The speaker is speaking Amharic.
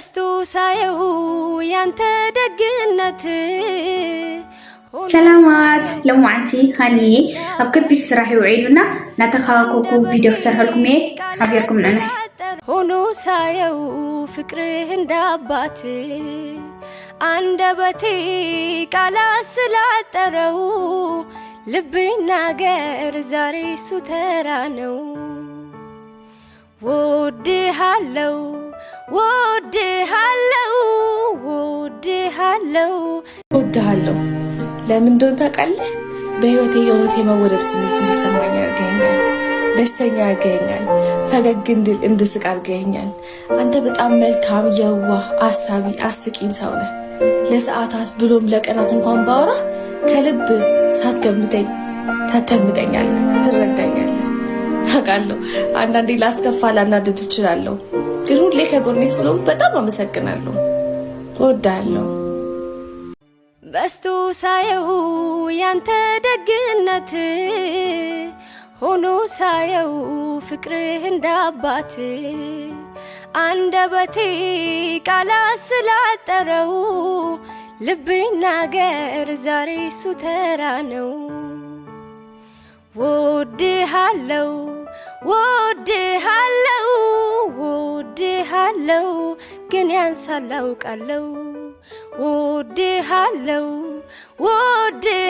በስቱ ሳየሁ ያንተ ደግነት ሰላማት ለማዓንቲ ሃኒዬ ኣብ ከቢድ ስራሕ ይውዒሉና እናተኸባከኩ ቪድዮ ክሰርሐልኩም እየ ሓቢርኩም ንዕና ሆኖ ሳየው ፍቅርህ እንዳባት አንደበቴ ቃላ ስላጠረው ልብ ናገር ዛሬ እሱ ተራ ነው ወድሃለው ወድሃለው ወድሃለው ወድሃለው። ለምን እንደሆነ ታውቃለህ? በህይወቴ የሆነት የመወደድ ስሜት እንዲሰማኝ ያገኛል። ደስተኛ ያገኛል። ፈገግ እንድል እንድስቅ አድርገኛል። አንተ በጣም መልካም፣ የዋህ፣ አሳቢ፣ አስቂኝ ሰው ነህ። ለሰዓታት ብሎም ለቀናት እንኳን ባወራ ከልብ ሳትገምተኝ ታዳምጠኛለህ፣ ትረዳኛለህ። አውቃለሁ። አንዳንዴ ላስከፋ፣ ላናድድ እችላለሁ። ግን ሁሌ ከጎኔ ስለሆንክ በጣም አመሰግናለሁ። እወዳለሁ። በስቱ ሳየው ያንተ ደግነት ሆኖ ሳየው ፍቅርህ እንዳባት አንደበቴ ቃላት ስላጠረው ልብ ናገር ዛሬ እሱ ተራ ነው። dear, hello, oh dear, hello, oh dear, hello, Can you answer, Hello. Oh dear, hello. Oh dear.